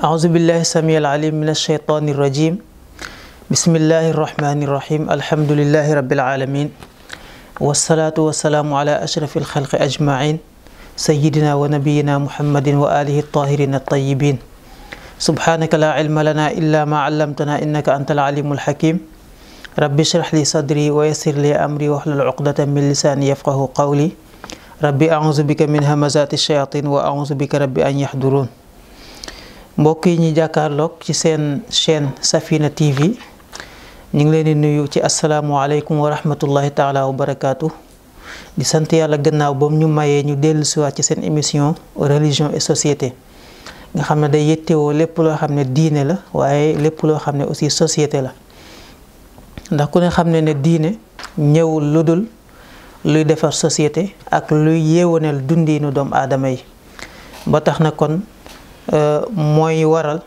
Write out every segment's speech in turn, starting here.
أعوذ بالله السميع العليم من الشيطان الرجيم بسم الله الرحمن الرحيم الحمد لله رب العالمين والصلاة والسلام على أشرف الخلق أجمعين سيدنا ونبينا محمد وآله الطاهرين الطيبين سبحانك لا علم لنا إلا ما علمتنا إنك أنت العليم الحكيم رب اشرح لي صدري ويسر لي أمري واحلل عقدة من لساني يفقه قولي ربي أعوذ بك من همزات الشياطين وأعوذ بك ربي أن يحضرون mbokk yi ñuy jàkkaarloog ci seen chaîne Safina TV ñu ngi leen di nuyu ci asalaamualeykum wa rahmatullahi taala wa barakaatu di sant yàlla gannaaw bam ñu mayee ñu dellu siwaat ci seen émission religion et société nga xam ne day yëttewoo lépp loo xam ne diine la waaye lépp loo xam ne aussi société la ndax ku ne xam ne ne diine ñëwul lu dul luy defar société ak luy yeewaneel dundiinu doomu aadama yi ba tax na kon Euh, mooy waral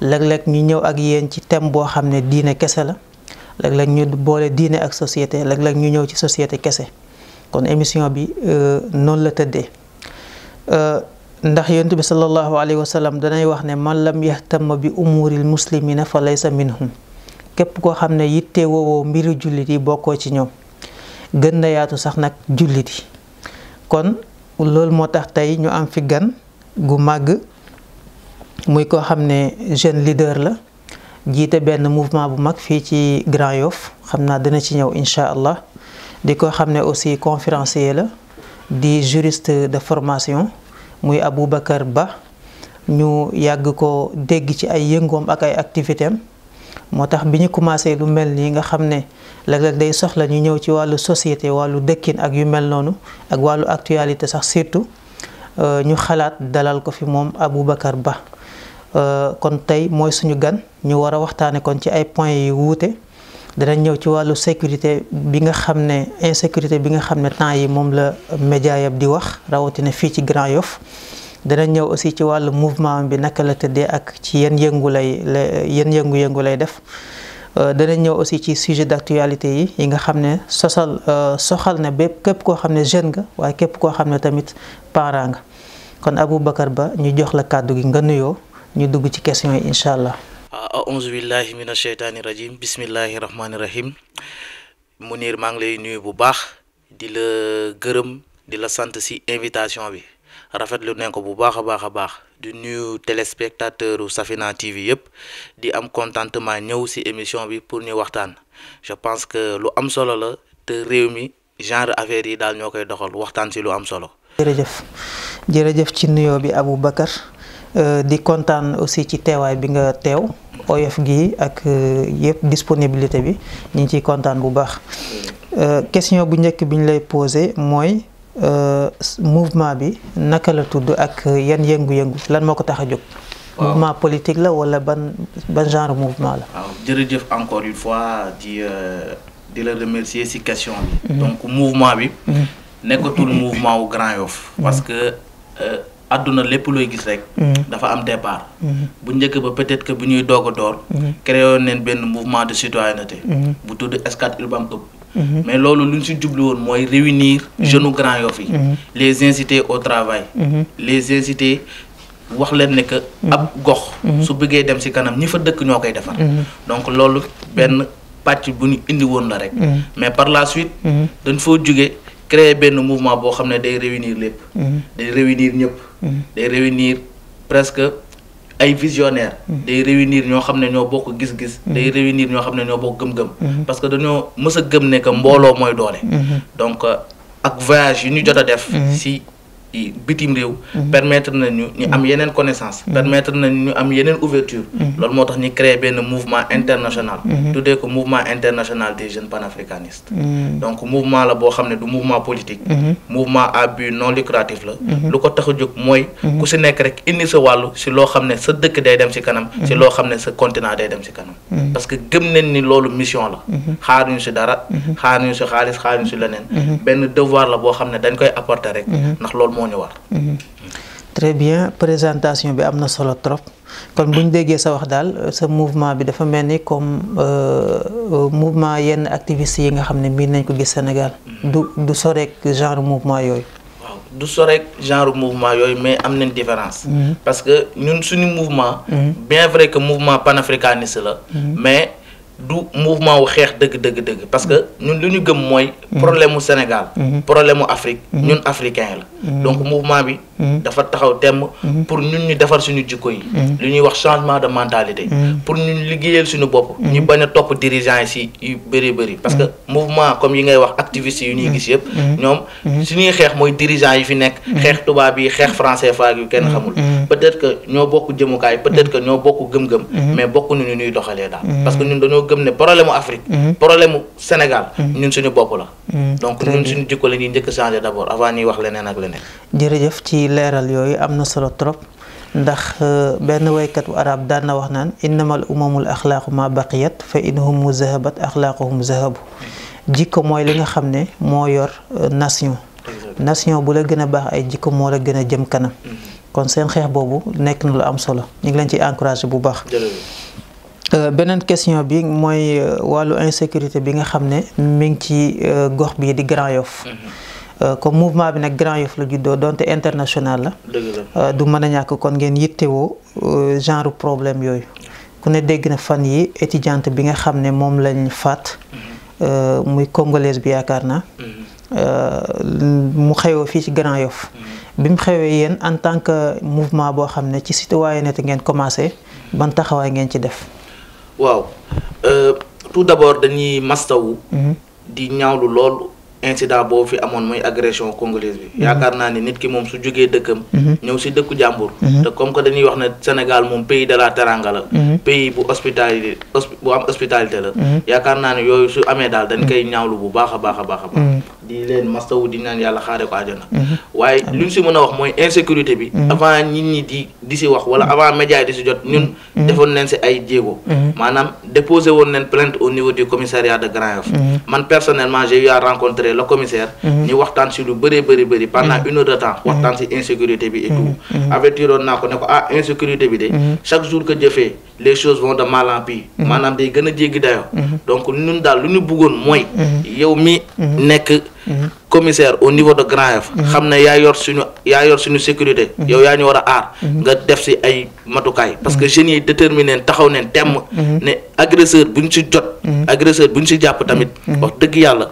léeg lekk ñu ñëw ak yéen ci thème boo xam ne diine kese la léeg-léeg ñu boole diine ak societé léeg-léeg ñu ñëw ci société kese kon émission bi euh, noonu la tëddee euh, ndax yonent bi sallallahu alayhi wa danay wax ne man la lam yahtam bi umuuril muslimina fa laysa minhum képp koo xam ne yitte woowoo mbiru jullit yi bokkoo ci ñëw gën na yaatu sax nag jullit yi kon loolu moo tax tey ñu am fi gan gu màgg muy ko xamné jeune leader la jité ben mouvement bu mag fi ci Grand yof xamna dana ci ñëw incha allah di ko xam aussi conférencier la di juriste de formation muy Aboubacar Ba ñu yag ko dégg ci ay yëngom ak ay activitém motax biñu commencé lu melni nga xamné ne leeg day soxla ñu ñëw ci walu société walu dëkkin ak yu mel nonu ak walu actualité sax surtout ñu xalaat dalal ko fi moom Aboubacar Ba Euh, kon tey mooy suñu gan ñu war a waxtaane kon ci ay points yi wuute danañ ñëw ci wàllu sécurité bi nga xam ne insécurité bi nga xam ne temps yi moom la média yëpp di wax rawatina fii ci Grand yof dana ñëw aussi ci wàllu mouvement bi naka la tëddee ak ci yenn yëngu lay yenn yëngu-yëngu lay def euh, danañ ñëw aussi ci sujet d'actualité yi yi nga xam ne sosal euh, soxal na bépp képp koo xam ne jeune nga waaye képp koo xam ne tamit parent nga kon Aboubacar Ba ñu jox la kàddu gi nga nuyoo ñu dugg ci question yi incha allah aouzu billahi mina sheytaani rajim bismillahi rahmaani rahim Mounir maa ngi lay nuyu bu baax di la gërëm di la sant si invitation bi rafetlu nañ ko bu baax a baax a baax di nuyu téléspectateur Safina TV yëpp di am contentement ñëw si émission bi pour ñu waxtaan je pense que lu am solo la te réew mi genre affaire yi daal ñoo koy doxal waxtaan si lu am solo. jërëjëf ci nuyoo bi Aboubacar. Euh, di kontaan aussi ci teewaay bi nga teew oyof gi ak euh, yëpp disponibilité bi ñu ci ciy kontaan bu baax euh, question bu njëkk biñ ñu lay posé mooy mouvement bi naka la tudd ak yan yëngu-yëngu lan moko ko tax mouvement politique la wala ban ban genre mouvement la. waaw jërëjëf encore une fois di de le remercier ci question bi. Mhm. donc mouvement bi. Mhm. nekkatul mouvement wu Grand yof parce que aduna lepp loy gis rek. Mm-hmm. dafa am départ. Mm-hmm. bu njëkk ba peut-être que bu ñuy dogo a créer mm-hmm. créé woon nañ mouvement de citoyenneté. bu tudd Scat urbain top. mais lolu luñ ci si won moy réunir. jeunes Grand yofi, les inciter au travail. les inciter wax leen ne que. ab gox. su bëggee dem si kanam ñi fa dëkk ñoo koy defar. donc loolu benn pàcc bu ñu indi woon la rek. mais par la suite. dañ foo jóge créer benn mouvement boo xam ne day réunir lépp. day réunir ñëpp. Mm-hmm. de réunir presque un visionnaire, mm-hmm. de réunir nous, nous savons que nous avons beaucoup de choses, de réunir nous, nous savons que nous avons beaucoup de choses. Parce que nous sommes tous les deux les mêmes. Donc, euh, avec le voyage, nous sommes tous bitim réew. permettre nañu ñu am yeneen connaissance. Mm-hmm. permettre nañu ñu am yeneen ouverture mm-hmm. loolu moo tax ñu créer benn mouvement mm-hmm. international. tuddee ko mouvement international des jeunes panafricanistes. donc mouvement la boo xam ne du mouvement politique. mouvement à but non lucratif la. lu ko tax a jóg mooy. ku si nekk rek indi sa wàllu si loo xam ne sa dëkk day dem si kanam. si loo xam ne sa continent day dem si kanam. parce que gëm nañ ni loolu mission la. xaaruñu si dara. xaaruñu si xaalis xaaruñu si leneen. benn devoir la boo xam ne dañ koy apporter rek. ndax loolu Mhm. très bien présentation bi am na solo trop kon vous ce sa mouvement bi dafa un comme comme euh, euh, mouvement yenn activistes yi nga xam ne Sénégal. Mhm. du du soreek genre mouvement yooyu. du soreek genre mouvement yooyu mais am nañ différence. Mhm. parce que nous sommes un mouvement. bien vrai que mouvement panafricaniste la. mais du mouvement au parce que nous lu ñu mm-hmm. problème au Sénégal mm-hmm. problème en Afrique mm-hmm. ñun africain la donc mouvement bi Mmh. dafa taxaw dem mmh. pour ñun ñu défar suñu jikko yi mmh. li ñuy wax changement de mentalité pour ñun liggéeyal suñu bopp ñu bañ a topp dirigeant yi si yu bëri bëri parce que mouvement comme yi ngay wax activistes yu ñuy gis yëpp ñoom suñuy xeex mooy dirigeant yi fi nekk xeex tubaab bi xeex français faak yu kenn xamul peut-être que ñoo bokk jëmukaay peut-être que ñoo bokk gëm-gëm mais bokku ñu ñuy doxalee daal parce que ñun dañoo gëm ne problème Afrique problème Sénégal ñun suñu bopp la donc ñun suñu jikko la ñuy njëkk changer d'abord avant ñuy wax leneen ak leneen jërëjëf ci leral yooyu amna solo trop ndax benn waykat bu arab daan na wax nan innamal umamul akhlaq ma baqiyat fa inhum muzahabat akhlaquhum zahab jikko moy li nga xamne mo yor nation nation bu la gëna bax ay jikko mo la gëna jëm kanam kon seen xex bobu nek na lu am solo ñi ngi lañ ci encourager bu bax benen question bi moy walu insécurité bi nga xamne mi ngi ci gox bi di Grand yof Euh, comme mouvement bi nak Grand Yoff la juddoo donte international la. Euh, du mën ñak kon ngeen yittewoo euh, genre problème yoy ku ne dégg na fan yi étudiante bi nga xamné mom lañ fat mhm. euh muy congolaise bi yakarna mhm. euh mu xewoo fi ci Grand Yoff. Mhm. bimu xewé yeen en tant que mouvement bo xamné ne ci citoyenneté ngeen commencé ban taxaway ngeen ci def. waaw euh tout d'abord dañuy mastawu. di ñaawlu lool. incident boobu fi amoon muy agression congolaise bi mhm. yaakaar naa ni nit ki moom su jógee dëkkam mhm. ñëw si dëkku jàmbur mhm. te comme que dañuy wax ne Sénégal moom pays de la teranga la pays bu hospitalité bu am hospitalité la yaakaar naa ne yooyu su amee daal dañ koy ñaawlu bu a baax a baax a baax di leen mastawu di naan yàlla xaare ko àjjana mhm. waaye lu ñu si mën a wax mooy insécurité bi mhm. avant nit ñi di di si wax wala mhm. avant média yi di si jot ñun defoon leen si ay jéego maanaam déposé woon leen plainte au niveau du commissariat de Grand Yoff man personnellement j'ai eu rencontrer le commissaire ñu waxtaan si lu bëree bëri bëri pendant une heure temps waxtaan si insécurité bi et tout avertiroon naa ko ne ko ah insécurité bi de chaque jour que jëfee a commissaire au niveau de Grand Yoff mhm. xam ne yaa yor suñu yaa yor suñu sécurité mhm. yow yaa ñu war a aar mhm. nga def si ay matukaay parce que jeunes yi déterminé taxaw neen temm ne agresseur bu ñu si jot agresseur bu ñu si jàpp tamit wax dëgg yàlla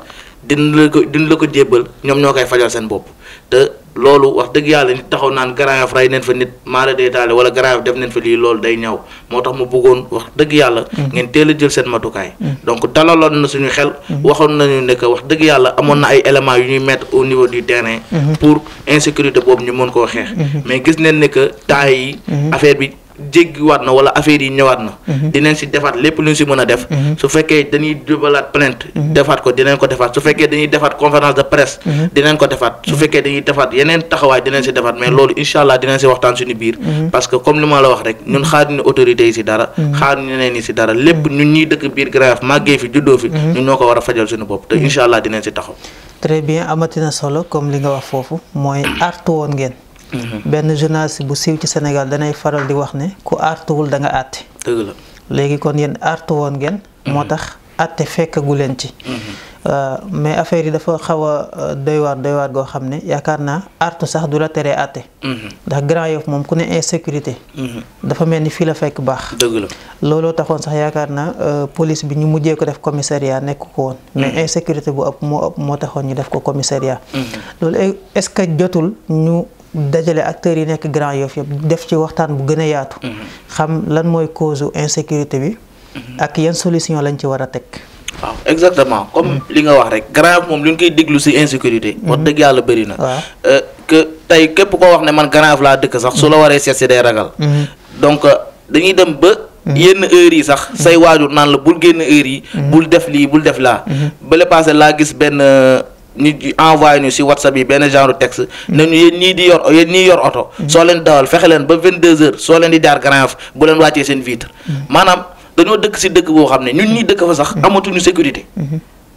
dina la ko dina la ko jébbal ñoom ñoo koy fajal seen bopp te loolu wax dëgg yàlla nit taxaw naan Grand Yoff rey neen fa nit maara day taale wala Grand Yoff def neen fa lii loolu day ñaw moo tax mu bëggoon wax dëgg yàlla mm. ngeen teel a jël seen matukaay mm. donc dalaloon na suñu xel mm. waxoon nañu ne que wax dëgg yàlla amoon na ay éléments yu ñuy mettre au niveau du terrain mm-hmm. pour insécurité boobu ñu mën koo xeex mm-hmm. mais gis neen ne que yi mm-hmm. affaire bi jéggiwaat na wala affaire yi ñëwaat na. Mhm. dinañ si defaat lépp lu ñu si mën a def. Mhm. su fekkee dañuy jubalaat plainte. Mhm. defaat ko dinañ ko defaat su fekkee dañuy defaat conférence de presse. dinañ ko defaat su fekkee dañuy defaat yeneen taxawaay dinañ si defaat mais loolu incha dinañ si waxtaan suñu biir. parce que comme li ma la wax rek ñun xaaruñu autorités yi si dara. xaaruñu ñeneen ñi si dara lépp ñun ñuy dëkk biir Grand Yoff màggee fi juddoo fi. ñun ñoo a fajal Mhm. benn journaliste bu siiw ci Sénégal danay faral di wax ne ku artuwul da nga àtte. léegi kon yéen artu woon ngeen. Mhm. moo tax àtte fekkagu leen ci. Mhm. Euh, mais affaire yi dafa xaw a euh, doy waar goo xam ne yaakaar naa artu sax du la tere àtte. ndax Grand Yoff moom ku ne insécurité. dafa mel ni fii la fekk baax. looloo taxoon sax yaakaar naa euh, police bi ñu mujjee ko def commissariat nekk ko woon. mais insécurité bu ëpp moo ëpp moo taxoon ñu def ko commissariat. loolu est-ce dajale acteurs yi nekk Grand Yoff yëpp def ci waxtaan bu gën a yaatu. Mhm. xam lan mooy cause insécurité bi. Mhm. ak yan solution lañ ci war a teg. waaw exactement comme mm. li nga wax rek Grand Yoff moom li ñu koy déglu si insécurité. Mm. wax dëgg yàlla bëri na. waaw euh, que tey képp koo wax ne man Grand Yoff laa dëkk sax su la mm. waree seet si day ragal. donc euh, dañuy dem ba. yenn heures yi sax say waajur naan la bul génn heures yi. bul def lii bul def laa. ba le laa gis benn. Euh, nit ñi envoyé ñu si whatsapp yi benn genre texte nañu yéen ñii di yor yéen nii yor oto soo leen dawal fexe leen ba vingt deux heures soo leen di jaar Grand bu leen wàccee seen vitre maanaam dañoo dëkk si dëkk boo xam ne ñun ñii dëkk fa sax amatuñu sécurité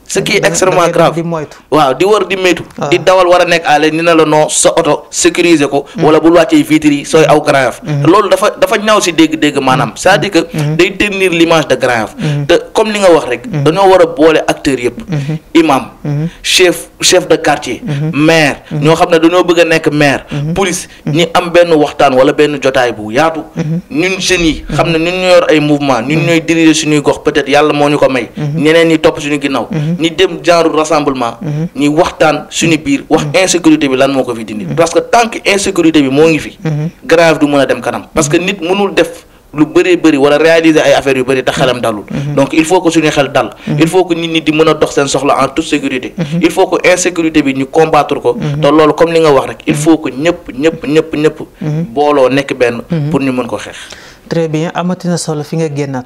ce qui est extrêmement grave waaw di war di moytu di dawal war a nekk àll ni na la noo sa oto sécurisé ko wala bul wàccee vitres yi sooy aw Grand mhm. loolu dafa dafa ñaw si dégg-dégg maanaam mhm. c'est-à-dire que mhm. day ternir l'image de comme li nga wax rek. Mhm. dañoo war a boole acteurs yëpp. Mhm. imam mhm. chef chef de quartier. maire ñoo xam ne dañoo bëgg a nekk maire. police ñi am benn waxtaan wala benn jotaay bu yaatu. ñu jeunes yi xam ne ñun ñoo yor ay mouvement ñun ñooy diriger suñuy gox peut yàlla moo ñu ko may. ñeneen ñi topp ñu ginnaaw. ñi dem genre rassemblement. ñi waxtaan suñu biir wax insécurité bi lan moo ko fi dindi. parce que tant que insécurité bi moo ngi fi. grave du mën a dem kanam que nit mënul def. lu bëree bëri wala réaliser ay affaire yu bëri te xelam dalul mhm. donc il faut que suñu xel dal mhm. il faut que nit ñi di mën a dox seen soxla en toute sécurité mhm. il faut que insécurité bi ñu combattre ko te loolu comme li nga wax rek il faut que ñëpp ñëpp ñëpp ñëpp booloo nekk benn pour ñu mën ko xeex très bien na solo fi nga génnaat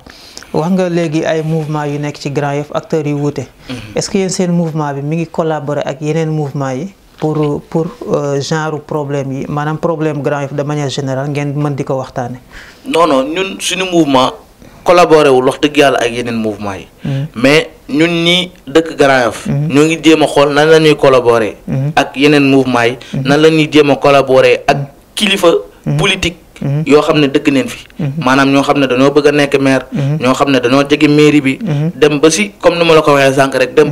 wax nga léegi ay mouvement yu nekk ci Grand Yoff acteurs yu wuute est-ce que yéen seen mouvement bi mi ngi collaborer ak yeneen mouvement yi pour pour euh, genre problème yi maanaam problème Grand Yoff de manière générale ngeen mën di ko waxtaane non non ñun suñu mouvement collaboré wul wax dëgg yàlla ak yeneen mouvement yi. Mm-hmm. mais ñun ñi dëkk Grand Yoff mm-hmm. ñoo ngi jéem a xool nan la ñuy collaboré. Mm-hmm. ak yeneen mouvement yi. nan la ñuy jéem a collaboré ak kilifa politique. yoo xam ne dëkk neen fi. maanaam ñoo xam ne dañoo bëgg a nekk maire. ñoo xam ne dañoo jege mairie bi. dem ba si comme ni ma la ko waxee sànq rek dem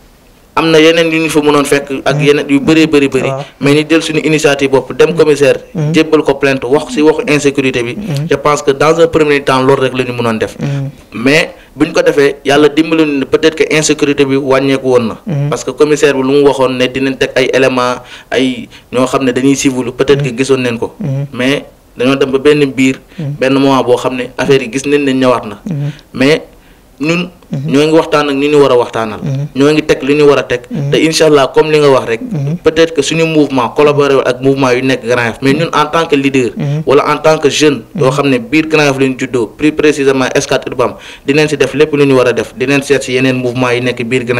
am na yeneen yu ñu fa mënoon fekk ak mm. yeneen yu bëree bëri bëri ah. mais ñu jël suñu initiative bopp dem commissaire mm. jébbal ko plainte wax ci waxu insécurité bi mm. je pense que dans un premier temps loolu rek la ñu mënoon def mais bu ñu ko defee yàlla dimbali ñu ne peut-être que insécurité bi wàññeeku woon na parce que commissaire bi lu mu waxoon ne dinañ teg ay éléments ay ñoo xam ne dañuy siwulu peut-être que gisoon neen ko mais dañoo dem ba benn biir benn moment boo xam ne affaire yi gis nañ ne ñëwaat na mais ñun ñoo ngi waxtaan ak ni war a waxtaanal. Mhm. ñoo ngi teg li ñu war a teg. Mhm. te incha comme li nga wax rek. Mhm. peut-être suñu mouvement collaboré ak mouvement yu nekk Grand Yoff mais ñu nekk biir Grand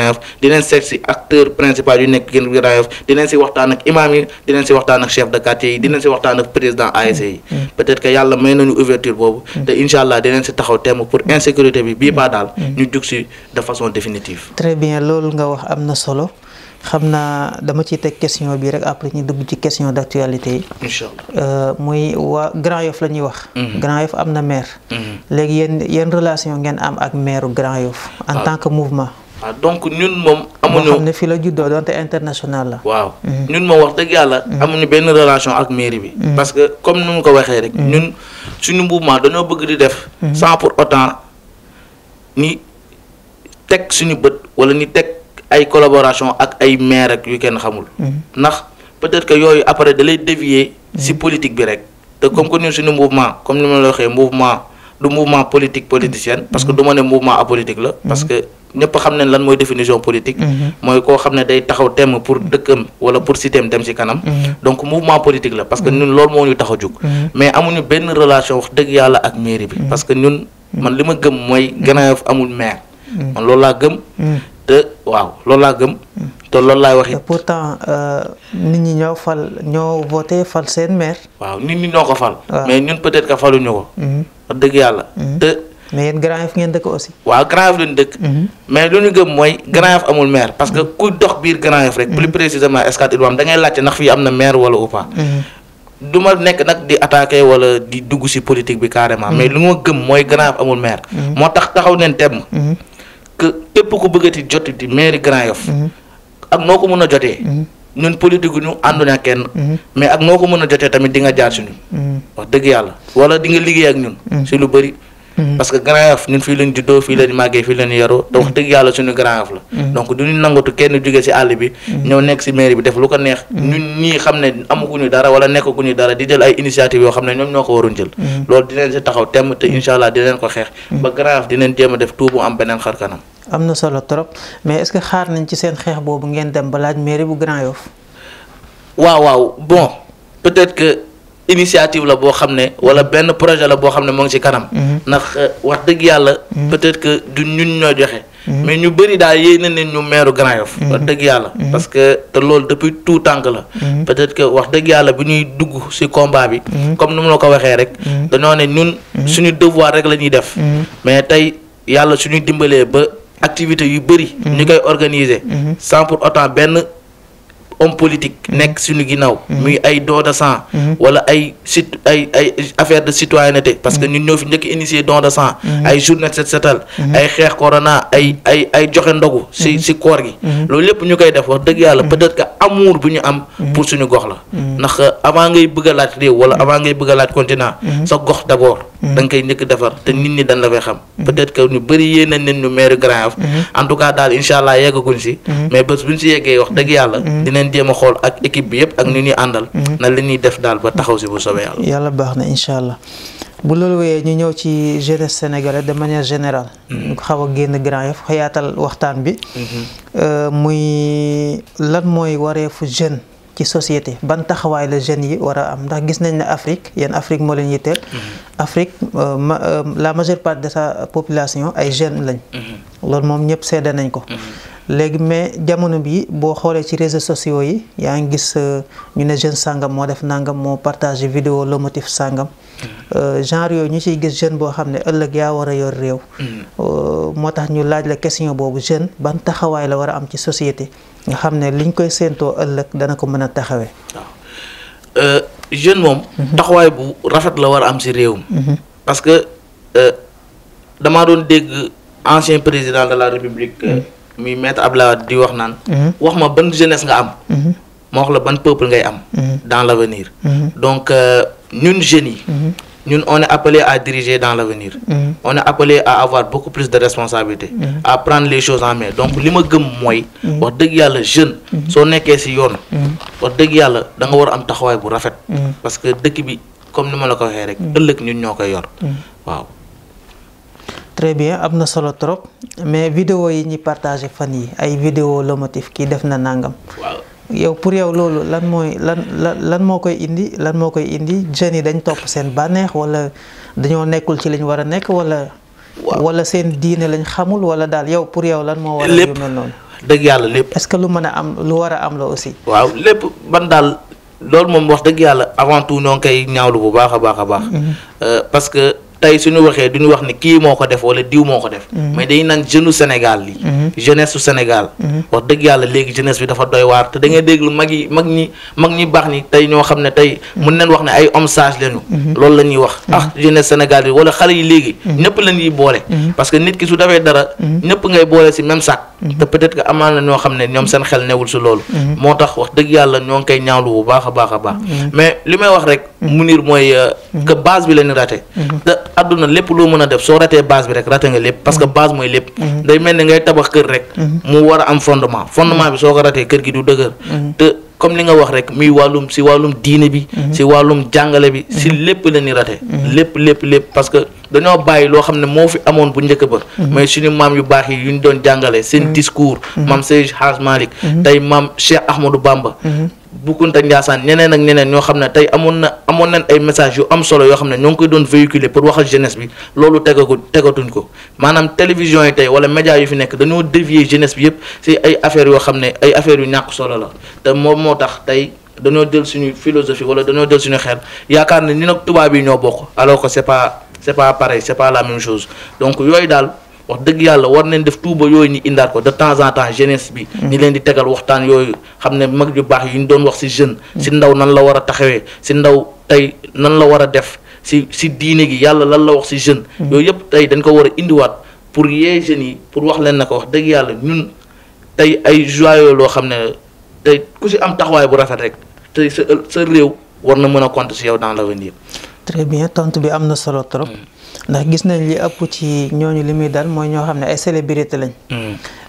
Yoff dinañ seet si waxtaan ak imam yi dinañ si waxtaan ak chef de quartier yi dinañ si waxtaan ak président ASC yi. peut-être yàlla may nañu ouverture boobu. te incha allah dinañ si taxaw thème pour insécurité bi bii baa daal. de façon définitive. très bien ce nga wax avons solo question après une question d'actualité euh, Grand Yoff la mhm. Grand Yoff une mhm. relation Grand Yoff. en ah. tant que mouvement. Ah, donc nous sommes la une la. Mhm. relation mairie parce que comme nous ko mouvement sans pour autant ni teg suñu bët wala ni teg ay collaboration ak ay maire ak yu kenn xamul. Mm-hmm. ndax peut-être que yooyu après da lay dévier. si mm-hmm. politique bi rek. te comme que ñun suñu mouvement comme ni ma la waxee mouvement du mouvement politique politicienne. parce que mm-hmm. du ma ne mouvement apolitique la. parce que ñëpp xam nañ lan mooy définition politique. mooy koo xam ne day taxaw thème pour dëkkam wala pour système dem ci kanam. donc mouvement politique la parce que ñun loolu moo ñu taxaw a jug. mais amuñu benn relation wax dëgg yàlla ak mairie bi. parce que ñun man li ma gëm mooy Grand amul maire. Hmm. man loolu laa gëm. Hmm. te waaw loolu laa gëm. Hmm. te loolu laay wax it. pourtant euh, nit ñi ñoo fal ñoo voté fal seen maire. waaw nit ñi ñoo ko fal. mais ñun peut-être dëgg yàlla. te mais yéen Grand Yoff ngeen dëkk aussi. waaw Grand Yoff lañ dëkk. lu ñu gëm mooy Grand Yoff amul maire parce que ku dox biir Grand Yoff rek. plus précisément Scat Urbam da ngay laajte ndax fi am na maire wala ou pas. du nekk nag di attaqué wala di dugg ci politique bi carrément. mais lu ma gëm mooy Grand Yoff amul maire. moo tax taxaw neen tem. que képp ku bëggati jot di mairie Grand Yoff mhm. ak noo ko mën a jotee mhm. ñun politique ñu àndu kenn mhm. mais ak noo ko mën a jotee tamit di nga jaar si ñun wax dëgg yàlla wala di liggéey ak ñun si lu bëri Mhm. parce que Grand Yoff ñun fii lañ juddoo fii lañ màggee fii lañ yaroo wax mhm. dëgg yàlla suñu Grand Yoff la mhm. donc duñu nangatu kenn jóge ci àll bi ñëw nekk ci mairie bi def lu ko neex ñun ñii xam ne amaguñu dara wala nekkaguñu dara di jël ay initiative yoo xam ne ñoom ñoo ko waroon jël loolu dineen ci taxaw temm te insha allah dineen ko xeex ba Grand Yoff dineen jéem a def tuubu am beneen xar kanam am na solo trop mais est xaar nañ ci seen xeex boobu ngeen initiative la boo xam ne wala benn projet la boo xam ne moo ngi ci kanam. Mhm. ndax euh, wax dëgg yàlla. Mhm. peut-être que du ñun ñoo joxe. Mhm. mais ñu bëri daal yéene nañ ñu meeru Grand Yoff. wax dëgg yàlla. parce que te loolu depuis tout tànk la. peut-être wax dëgg yàlla bu ñuy dugg ci combat bi. comme ni ma la ko waxee rek. dañoo ne ñun suñu devoir rek la def. mais tey yàlla suñu dimbalee ba activité yu bëri. ñu koy organiser. sans pour benn. homme politique nekk suñu ginnaaw mm-hmm. muy ay don de sang mm-hmm. wala ay sit ay ay affaire de citoyenneté parce que mm-hmm. ñun ñoo fi njëkk initier don de sang ay journée set setal ay xeex corona ay ay ay joxe ndogu si koor gi loolu lépp ñu koy def wax dëgg yàlla peut-être que bu ñu am pour suñu gox la ndax avant ngay bëgg a laaj réew wala avant ngay bëgg a laaj continent sa gox d'abord da nga koy njëkk defar te nit ñi dañ la fay xam peut-être que ñu bëri yéene nañ ñu maire Grand Yoff en nañ jéem a xool ak équipe bi yëpp ak ni ñuy àndal. na li ñuy def daal ba taxaw si bu soobee yàlla. yàlla baax na incha allah bu loolu wéyee ñu ñëw ci jeunesse sénégalaise de manière générale. ñu xaw a génn grand yëf xayaatal waxtaan bi. muy lan mooy wareefu jeune. ci société ban taxawaay la jeunes yi war a am ndax gis nañ ne Afrique yéen Afrique moo leen yitteel. Afrique la majeure partie de sa population ay jeunes lañ. loolu moom ñëpp seede nañ ko. léegi mais jamono bi boo xoolee ci réseaux sociaux yi yaa ngi gis euh, ñu ne jeune sàngam moo def nangam moo partagé vidéo le sàngam mm. euh, genre yooyu ñu ciy gis jeune boo xam ne ëllëg yaa war a yor réew mm. euh, moo tax ñu laaj la question boobu jeune ban taxawaay la war a am ci société nga xam ne liñ koy séentoo ëllëg dana ko mën a taxawee ah. jeune moom mhm. taxawaay bu rafet la war a am si réew mi mhm. parce que damaa doon dégg ancien président de la république mhm. mi maître abla di wax nan mhm. wax ma ban jeunesse nga am. mo mhm. wax la ban peuple ngay am. Mhm. dans l'avenir. avenir. donc euh, ñun jeunes nous ñun on est appelé à diriger dans l'avenir on est appelé à avoir beaucoup plus de responsabilité à prendre les choses en main donc li ma gëm moy wax deug yalla jeune so nekkee ci yoon wax deug yalla da nga wara am taxaway bu rafet parce que dëkk bi comme nima la ko waxee rek ëlëk ñun ñokay yor waaw très bien am solo trop mais vidéo yi ñi partager fan yi ay vidéo le motif kii def na nangam. yow pour yow lolu lan moy lan lan mo koy indi lan mo koy indi jeunes yi dañ top sen banex wala dañoo nekkul ci liñ wara a nekk wala. wala sen diine lañ xamul wala dal yow pour yow lan mo wara a yu mel noonu dëgg yàlla lépp. est-ce que lu meuna am lu wara am la aussi. waaw lepp ban dal loolu mom wax deug yalla avant tout ñoo ngi koy ñaawlu bu baax a baax a baax. Mm-hmm. Euh, parce que. tey suñu waxee duñu wax ni kii moo ko def wala diw moo ko def mm-hmm. mais dañuy naan jeune Sénégal li mm-hmm. jeunesse su Sénégal mm-hmm. wax dëgg yàlla léegi jeunesse bi dafa doy waar te da ngay déglu mag yi mag ñi mag ñi baax ni tey ñoo xam ne tey mën nañ wax ne ay homme sage lañu loolu la ñuy wax ah jeunesse Sénégal bi wala xale yi léegi ñëpp lañ yi boole parce que nit ki su defee dara ñëpp ngay boole si même sac te peut-être amaan na ñoo xam ne ñoom seen xel newul si loolu moo tax wax dëgg yàlla ñoo ngi koy ñaawlu bu baax baax a baax mais li may wax rek Mounir mooy euh, que base bi lañu raté àdduna lépp loo mën a def soo ratee base bi rek rate nga lépp parce que mm-hmm. base mooy lépp mm-hmm. day mel ni ngay tabax kër rek mm-hmm. mu war a am fondement fondement bi soo ko ratee kër gi du dëgër te comme li nga wax rek muy wàllum si wàllum diine bi si wàllum jàngale bi si lépp la ñuy rate lépp lépp lépp parce que dañoo bàyyi loo xam ne moo fi amoon bu njëkk ba mais suñu maam yu baax yi yu ñu doon jàngale seen discours maam Seydi Hadj Malick tey maam Cheikh Ahmadou Bamba bu Kunta Ndiassane ñeneen ak ñeneen ñoo xam ne tey amoon na amoon nañ ay message yu am solo yoo xam ne ñoo ngi koy doon véhiculer pour waxal jeunesse bi loolu tegagu tegatuñ ko maanaam télévision yi tey wala média yu fi nekk dañoo dévier jeunesse bi yépp ci ay affaires yoo xam ne ay affaire yu ñàkk solo la te moom moo tax tey dañoo jël suñu philosophie wala dañoo jël suñu xel yaakaar ne ni nag tubaab yi ñoo bokk alors que c'est pas c'est pas pareil c'est pas la même chose wax dëgg yàlla war nañ def tuuba yooyu ñu indaat ko de temps en temps jeunesse bi. ni mm. leen di tegal waxtaan yooyu xam ne mag yu baax yi ñu doon wax ci jeune. ci ndaw nan la war a taxawee si ndaw tey nan la war a def si si diine gi yàlla lan la wax ci jeune. Mm. yooyu yëpp tey dañ ko war a indiwaat pour yee jeunes yi pour wax leen na ko wax dëgg yàlla ñun tey ay joyaux loo xam ne tey ku si am taxawaay bu rafet rek tey sa sa réew war na mën a compter ci yow ndax gis nañ li ëpp ci ñooñu li muy dal mooy ñoo xam ne ay célébrité lañ. Mm.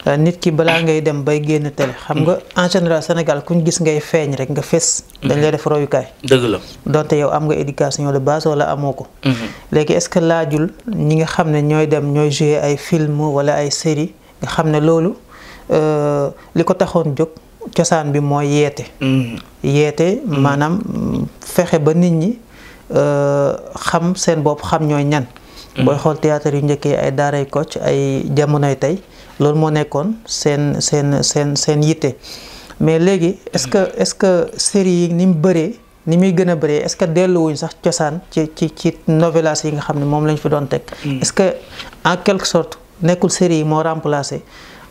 Euh, nit ki balaa ngay dem bay génn télé. xam nga mm. en général Sénégal kuñ gis ngay feeñ rek nga fés. Mm-hmm. dañ lay def royukaay. dëgg la donte yow am nga éducation de base wala amoo ko. Mm-hmm. léegi est-ce que laajul ñi nga xam ne ñooy dem ñooy jouer ay film wala ay série nga xam ne loolu euh, li ko taxoon jóg. cosaan bi mooy yeete mm-hmm. yeete maanaam mm, fexe ba nit ñi xam seen bopp xam ñooy ñan. Mm-hmm. booy xool théâtre yu njëkkee ay daaray Kocc ay jamonoy tey loolu moo nekkoon seen seen seen seen yitte mais léegi est-ce que mm-hmm. est-ce que série yi ni mu bëree ni muy gën a bëree est-ce que delluwuñ sax cosaan ci ci ci novelas yi nga xam ne moom lañ fi doon teg. Mm-hmm. est-ce que en quelque sorte nekkul série yi moo remplacé.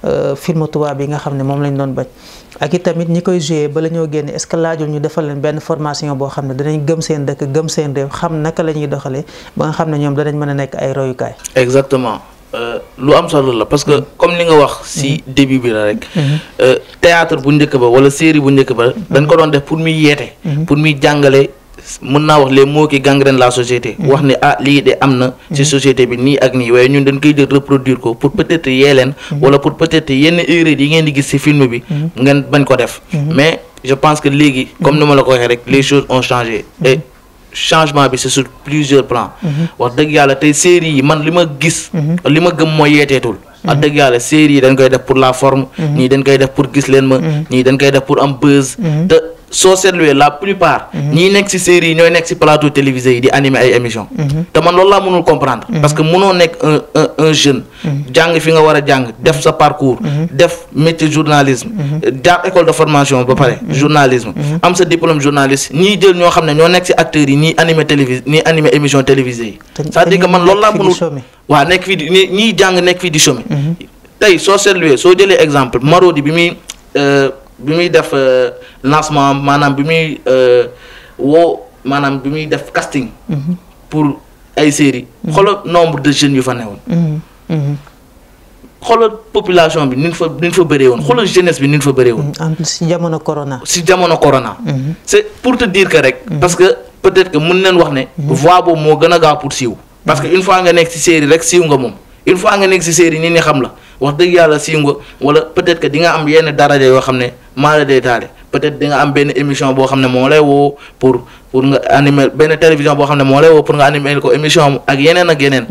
Euh, film tubaab yi nga xam ne moom lañ doon bañ ak it tamit ñi koy joué ba la ñoo génne ñu defal leen benn formation boo xam ne danañ gëm seen dëkk gëm seen réew xam naka la ñuy doxalee ba nga xam ne ñoom danañ mën a nekk ay royukaay. exactement euh, lu am solo la parce que mm-hmm. comme li nga wax si mm-hmm. début bi la rek. Mm-hmm. Euh, théâtre bu njëkk ba wala série bu njëkk ba. dañ ko doon def pour muy yeete. pour muy jàngale. mën naa wax les mots qui gangrènent la société. Mm. wax ni ah lii de am na. Mm. ci société bi nii ak nii waaye ñun dañ koy jël reproduire ko pour peut yee leen. Mm. wala pour peut yenn erreur yi ngeen gis ci film bi. ngeen bañ ko def. mais je pense que léegi comme ni ma la ko waxee rek les choses ont changé. et changement bi c'est sur plusieurs plans. Mm-hmm. wax dëgg yàlla tey série yi man li ma gis. Mm-hmm. li ma gëm mooy yeeteetul. wax mm-hmm. dëgg yàlla série yi dañ koy def pour la forme. ñii soo seetluwee la plupart. ni mhm. nekk ci série ñoy ñooy ci plateau télévisé yi di animer ay émission mhm. te man lool la mënul comprendre. Mhm. parce que mëno nekk un un un jeune. jang fi nga wara jang def sa parcours. def métier journalisme. jaar école de formation ba paré journalisme. am sa diplôme journaliste ni jël ño xamné ño ñoo nekk ci acteurs yi ni animer télévis ni animer émission télévisée ça dit que man lool la mënul wa nekk fi ni jang jàng nekk fii di chômer. tay soo seetluwee so exemple bi euh bi muy def euh, lancement maanaam bi muy euh, woo maanaam bi muy def casting. Mhm. pour ay séries. Mhm. xoolal nombre de jeunes yu fa newoon. Mhm. xoolal population bi ni fa ni fa bëree woon xoolal jeunesse bi ni fa bëree woon. en si jamono corona. si jamono corona. c'est pour te dire que rek. parce que peut-être que mën wax ne. voix boobu moo gën a gaaw pour siiw. parce que une fois nga nekk si série rek siiw nga moom une fois nga nekk si série nit ñi xam la wax dëgg yàlla siiw nga wala peut-être que di nga am yenn daraja yoo xam ne. maa la day taale peut-être moo lay boo xam ne moo lay woo pour nga animer ko émission ak yeneen ak yeneen.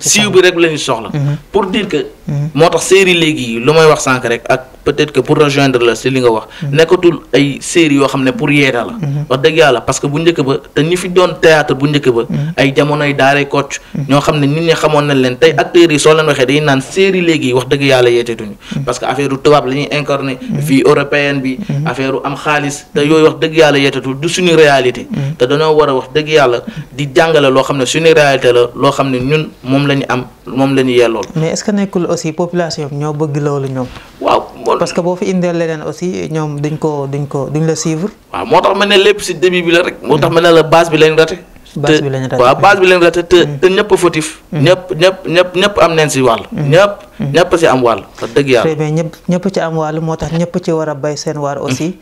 siiw bi rek lañ soxla mhm. pour dire que. Mhm. moo tax série léegi lu may wax sànq rek ak peut-être que pour rejoindre la si li nga wax. Mhm. nekkatul ay série yoo xam ne pour yeeta la. wax dëgg yàlla parce que bu njëkk ba te ñi fi doon théâtre bu njëkk ba. ay jamonoy daaree kocc. ñoo xam ne nit ñi xamoon na leen tey acteurs yi soo leen waxee day naan série léegi wax dëgg yàlla yeete neexatuñu parce que affaire u tubaab la ñuy incarné vie européenne bi affaire u am xaalis te yooyu wax dëgg yàlla yeetatul du suñu réalité te dañoo war a wax dëgg yàlla di jàngale loo xam ne suñu réalité la loo xam ne ñun moom la am moom la yellool mais est nekkul aussi population ñoo bëgg loolu ñoom waaw parce que boo fi indee leneen aussi ñoom duñ ko duñ ko duñ la suivre waaw moo tax ma ne lépp si début bi la rek moo tax ma ne la base bi lañ rate base bi lañ raté waaw base bi lañ raté te te mm. ñëpp fautif. Mm. ñëpp ñëpp ñëpp ñëpp am nañ si wàll. Mm. ñëpp ñëpp si am wàll wax dëgg yàlla. très bien ñëpp ñëpp ci am wàll moo tax ñëpp ci war a bay seen waar aussi.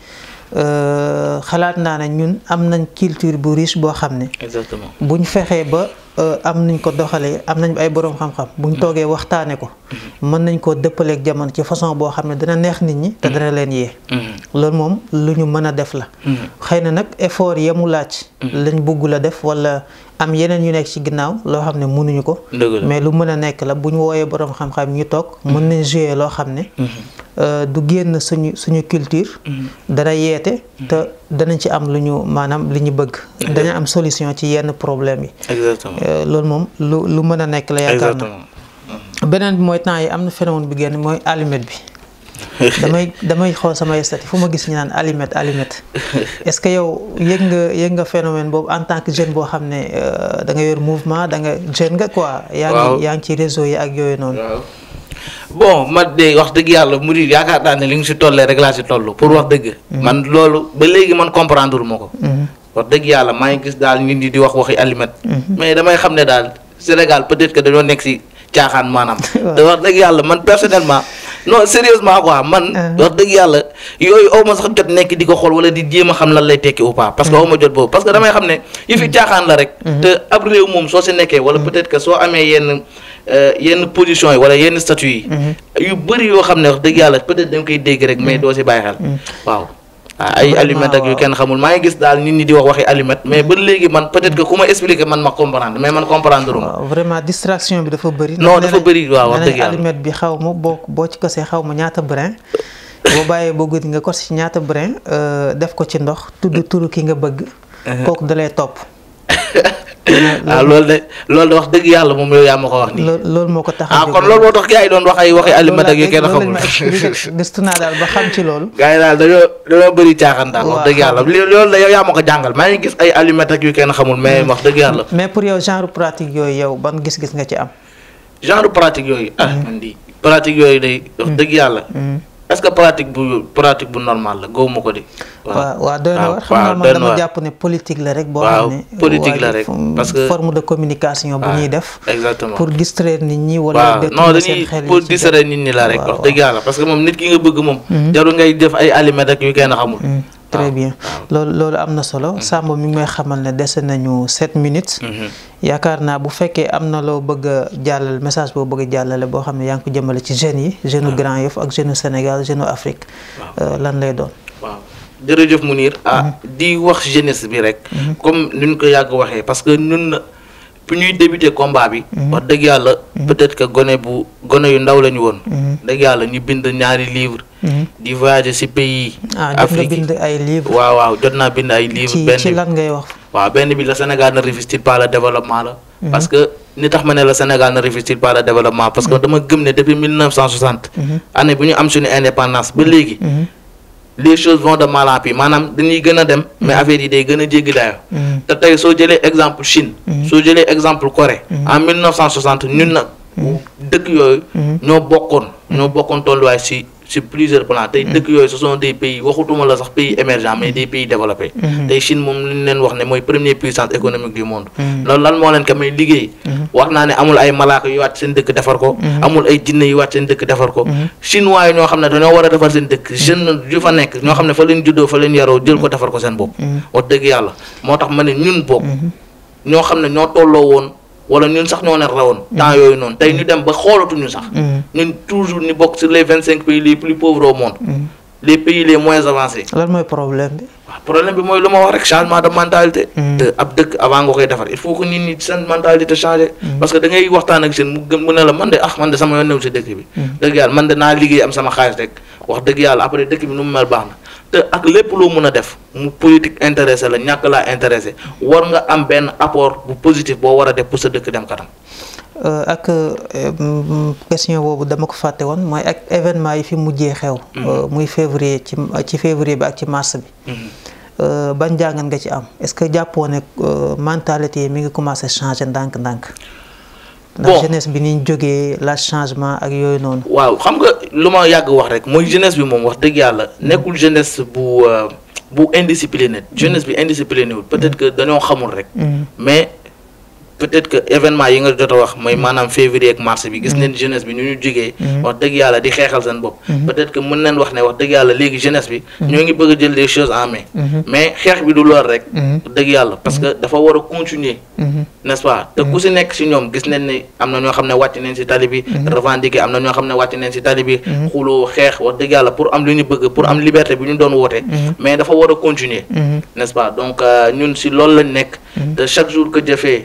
Euh, xalaat naa ne ñun am nañ culture bu riche boo xam ne. exactement fexee ba. Euh, am nañ ko doxalee am nañ ay boroom xam-xam ñu mm-hmm. toogee waxtaanee ko mm-hmm. mën nañ koo dëppaleeg jamono ci façon boo xam ne dina neex nit ñi te dina mm-hmm. leen yee loolu moom lu ñu mën a def la xëy na nag effort yemu mu lañ bugg la def wala am yeneen yu nekk ci ginnaaw loo xam ne mënuñu ko. mais lu mën a nekk la bu ñu wooyee borom xam-xam ñu toog. Mm-hmm. mën nañ jouer loo xam ne. Mm-hmm. Euh, du génn suñu suñu culture. Mm-hmm. dana yeete. te danañ ci am lu ñu maanaam li ñu bëgg. dana am solution ci yenn problème yi. Euh, loolu moom lu lu mën a nekk la. yaakaar na beneen bi mooy temps yi am na phénomène bi génn mooy allumette bi. damay damay xaw sama estati ya, Fuma ma gis ñu alimet alimet est ce que yow yëg nga bohamne nga phénomène boobu en tant que jeune boo xam ne da nga yor mouvement da nga jeune nga quoi yaa ngi yaa ngi ci réseau yi ya ak yooyu noonu bon ma de wax deug yalla murid yaakaar naa li nga si tolle rek laa si toll pour wax deug mm-hmm. man loolu ba léegi man comprendre ma ko mm-hmm. wax deug yalla ngi gis nit ñi di wax waxi alimet mm-hmm. mais damay xam dal sénégal peut être que dañoo nekk si caaxaan maanaam te wax deug yalla man personnellement non sérieusement quoi man. Ah. wax dëgg yàlla yooyu aw sax jot nekk di ko xool wala di jéem a xam lan lay tekki ou pas parce que mm. aw ma jot boobu parce que damay xam ne yi fi mm. caaxaan la rek. Mm-hmm. te ab réew moom soo si nekkee wala mm. peut-être que soo amee yenn euh, yenn position yi wala yenn statut yi. Mm-hmm. yu bëri yoo xam ne wax dëgg yàlla peut-être dañ koy dégg rek mais doo si bàyyi xel waaw. ay allumette ak yu kenn xamul maa ngi gis daal nit ñi di wax waxi allumette mais ba léegi man peut-être que ku ma expliquer man ma comprendre mais man comprendre ma. vraiment distraction bi dafa bëri. non dafa bëri waaw wax dëgg yàlla allumette bi xaw ma boo boo ci kosee xaw ma ñaata brin. boo bàyyee ba guddi nga kos ci ñaata brin euh, def ko ci ndox. tudd turu ki nga bëgg. Uh-huh. kooku dalay topp. waaw ah, loolu de loolu de wax dëgg yàlla moom yow yaa ma ko wax nii. loolu moo ko tax a ah, kon loolu moo tax gars yi doon wax ay waxi alimat yu kenn xamul. gëstu naa daal ba xam ci loolu. gars daal dañoo dañoo bëri wax dëgg yàlla loolu de yow yaa ma ko jàngal maa ngi gis ay alimat ak yu kenn xamul mais mm. wax dëgg yàlla. mais pour yow genre pratique yooyu yow ban gis-gis nga ci am. genre pratique yooyu. ah mm. man di pratique yooyu day. wax mm. dëgg yàlla. est-ce que pratique bu pratique bu normal la góob ma ko di. waaw waaw doy na waar xam naa dama jàpp ne politique la rek. boo xam ne politique la rek parce que forme de communication bu ah, ñuy def. exactement pour distraire nit ñi. wala détourner nit ñi la rek. wax dëgg yàlla parce que moom nit ki nga bëgg moom. Mhm. jarul ngay def ay alimet rek yu kenn xamul. Mhm. très bien amna solo mm-hmm. mi ngi xamal ne nañu 7 minutes mm-hmm. bu amna lo bëgg message bo bëgg bo ah. Grand Yoff ak Sénégal jeune Afrique euh, lan lay doon waaw Mounir ah mm-hmm. di wax jeunesse bi rek comme nous ko yag parce que nous... bu ñuy débuté combat bi. Mhm. wax dëgg yàlla. Mhm. peut-être gone bu gone yu ndaw la ñu woon. Mhm. dëgg yàlla ñu bind ñaari livre di voyager ci pays. Ah, Afrique bind ay waaw waaw jot naa bind ay livres. benn ci lan ngay wax. waaw benn bi la Sénégal ne réfléchit pas le développement la. parce que ni tax ma ne la Sénégal ne réfléchit pas le développement parce que dama gëm ne depuis mille neuf cent soixante. année bu ñu am suñu indépendance ba léegi. les choses vont de mal en pis Manam, dañuy gën dem mais mm-hmm. affaire yi day gën a jéggi dayoo mm-hmm. te tey exemple Chine mm-hmm. so jëlee exemple Corée en 1960 ñun nag dëkk yooyu. Mhm. ñoo bokkoon mhm. ñoo bokkoon tolluwaay si si plusieurs plans tey mhm. dëkk yooyu ce sont des pays waxutuma la sax pays émergents mais des pays développés. tey Chine moom li ñu wax ne mooy première puissance économique du monde. loolu lan moo leen ko may liggéey. wax naa ne amul ay malaaka yu wàcc seen dëkk defar ko. amul ay jinne yu wàcc seen dëkk defar ko. chinois yi ñoo xam ne dañoo war a defar seen dëkk jeune yu fa nekk ñoo xam ne fa leen juddoo wala ñun sax ñoo leen rawoon. Mm. temps yooyu noonu tey ñu mm. dem ba xoolatuñu sax. Mm. ñun toujours ñu bokk sur les vingt cinq pays les plus pauvres au monde. les pays les moins avancés. lan mooy problème bi. waaw problème bi mooy lu ma wax rek changement de mentalité. te ab dëkk avant nga koy defar il faut que nit ñi seen mentalité changé. parce que da ngay waxtaan ak seen mu gën mu ne la man de ah man de sama yoon new si dëkk bi. dëgg yàlla man de naa liggéey am sama xaalis rek yàlla après dëkk te ak lépp loo mën a def mu politique intéressé la ñàkk laa intéressé war nga am benn apport bu positif boo war a def pour sa dëkk dem kanam. Euh, ak euh, question boobu dama ko fàtte woon mooy ak événement yi fi mujjee xew. Mm-hmm. Euh, muy février ci ci février bi ak ci mars bi. Mm-hmm. ban jàngat nga ci am est-ce que jàppoo ne mentalité yi mi ngi commencé changer ndànk-ndànk. bon jeunesse bi ni ñu la changement ak yoy non waaw xam nga luma yag wax rek moy jeunesse bi mom wax dëgg yàlla nekkul jeunesse bu euh, bu indiscipliné jeunesse bi indiscipliné peut-être que dañoo xamul rek. Mm. mais peut-être que événement yi nga jot a wax mooy maanaam février ak mars bi gis mm-hmm. neen jeunesse bi ñu ñu jógee mm-hmm. wax dëgg yàlla di xeexal seen bopp mm-hmm. peut-être que mën neen wax ne wax dëgg yàlla léegi jeunesse bi ñoo ngi bëgg a jël les choses en main mais xeex bi du lool rek dëgg yàlla parce que dafa war a continuer n'est-ce pas te ku si nekk si ñoom gis neen ni am na ñoo xam ne wàcc neen si tali bi revendiquer am na ñoo xam ne wàcc neen si tali bi xuloo xeex wax dëgg yàlla pour am lu ñu bëgg pour am liberté bi ñu doon woote mais dafa war a continuer n'est-ce pas donc euh, ñun si loolu lañ nekk te chaque jour que jëfee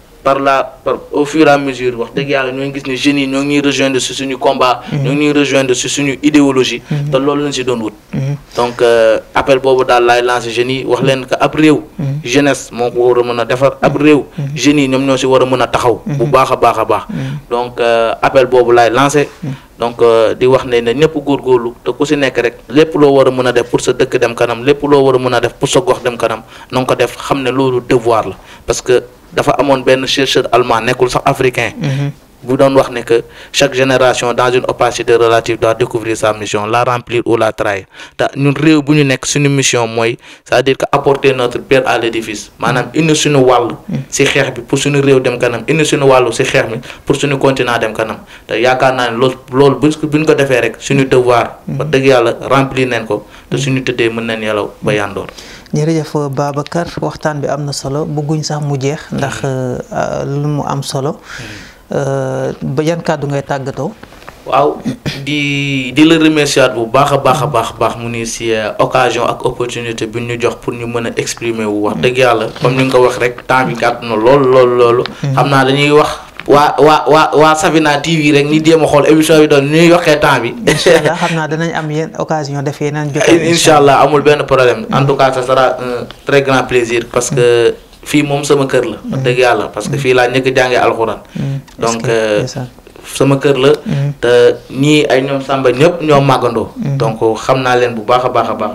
par la par au fur et à mesure wax dëgg yalla ñu ngi gis ni génie yi ñoo ngi rejoindre si suñu combat. Mhm. ñoo ngi rejoindre si suñu idéologie. Mhm. te loolu lañ ci doon wut. Mhm. donc euh, appel boobu daal lay lancer génie wax leen que ab réew. jeunesse moo ko war a mën a defar ab réew. jeunes yi ñoom ñoo si war a mën a taxaw. bu baax a baax a baax. donc euh, appel boobu lay lancer. donc euh, di wax ne ne ñëpp góorgóorlu te ku si nekk rek lépp loo war a mën a def pour sa dëkk dem kanam lépp loo war a mën a def pour sa gox dem kanam na nga ko def xam ne loolu devoir la parce que dafa amone ben chercheur allemand nekul sax africain. bu doon wax ne que chaque génération dans une opacité relative doit découvrir sa mission la remplir ou la trahir te ñun réew bu ñu nekk suñu mission mooy c'est-à-dire que apporter notre pierre à l'édifice il ne suñu wàll ci c'est bi pour suñu réew dem kanam indi suñu wàllu ci xeex bi pour suñu continent dem kanam te yaakaar naa ne loolu loolu bu bu ñu ko defee rek suñu devoir ba dëgg yàlla remplir neen ko te suñu tëddee mën nañ yelaw ba yandoor jërëjëf Babacar waxtaan bi am na solo bëgguñ sax mu jeex ndax euh, lu mu am solo mm. Euh, ba yan kàddu ngay tàggatoo. waaw di di la remercier bu baax a baax a baax baax mu ni si euh, occasion ak opportunité bi ñu jox pour ñu mën a exprimer wu wax dëgg yàlla comme ni nga ko wax rek temps bi gàtt na lool lool loolu hmm. xam naa dañuy wax waa waa waa waa Safina TV rek ni jéem a xool émission bi doon ñuy yokkee temps bi. incha allah xam am yenn occasion def yeneen. incha allah amul benn problème en tout cas ça sera très grand plaisir parce que. Hmm. fii mom sama kër la wax dëgg yàlla parce que fii laa njëkk jànge alxuraan mm. Mm. donc euh, sama kër la mm. te ñii ay ñoom sàmba ñëpp ñoo màggandoo donc xam naa leen bu baax a baax baax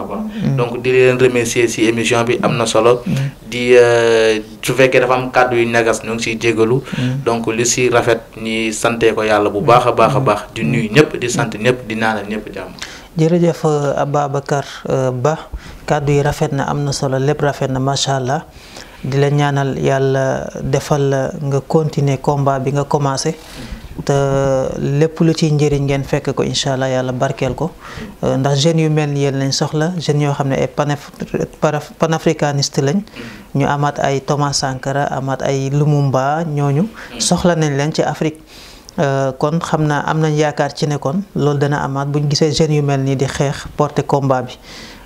donc di leen remercier si émission bi am na solo di euh, su fekkee dafa am kàddu yu ñagas ñu ngi siy jégalu donc li si rafet ñi santee ko yàlla bu baax a baax baax di nuyu ñëpp di sant ñëpp di naanal ñëpp jàmm jërëjëf euh, Ababacar Ba kàddu yi rafet na am na solo lépp rafet na macha allah di la ñaanal yàlla defal la nga continuer combat bi nga commencé te lépp lu ci njëriñ ngeen fekk ko incha allah yàlla barkeel ko euh, ndax jeunes yu mel ni yéen lañ soxla jeunes yoo xam ne ay panafricaniste lañ ñu amaat ay Thomas Sankara amaat ay Lumumba ñooñu soxla nañ leen ci Afrique euh, kon xam naa am nañ yaakaar ci ne kon loolu dana amaat buñ gisee jeunes yu mel nii di xeex porter komba bi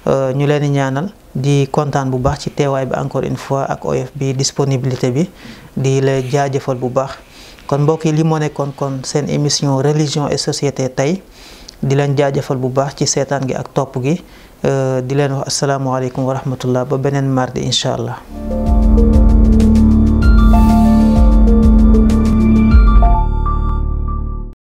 euh, ñu leen di ñaanal di kontaan bu baax ci teewaay bi encore une fois ak OF bi disponibilité bi di la jaajëfal bu baax kon mbokk yi li moo nekkoon kon seen émission religion et société tey di leen jaajëfal bu baax ci seetaan gi ak topp gi euh, di leen wax asalaamaaleykum wa rahmatullah ba beneen mardi incha allah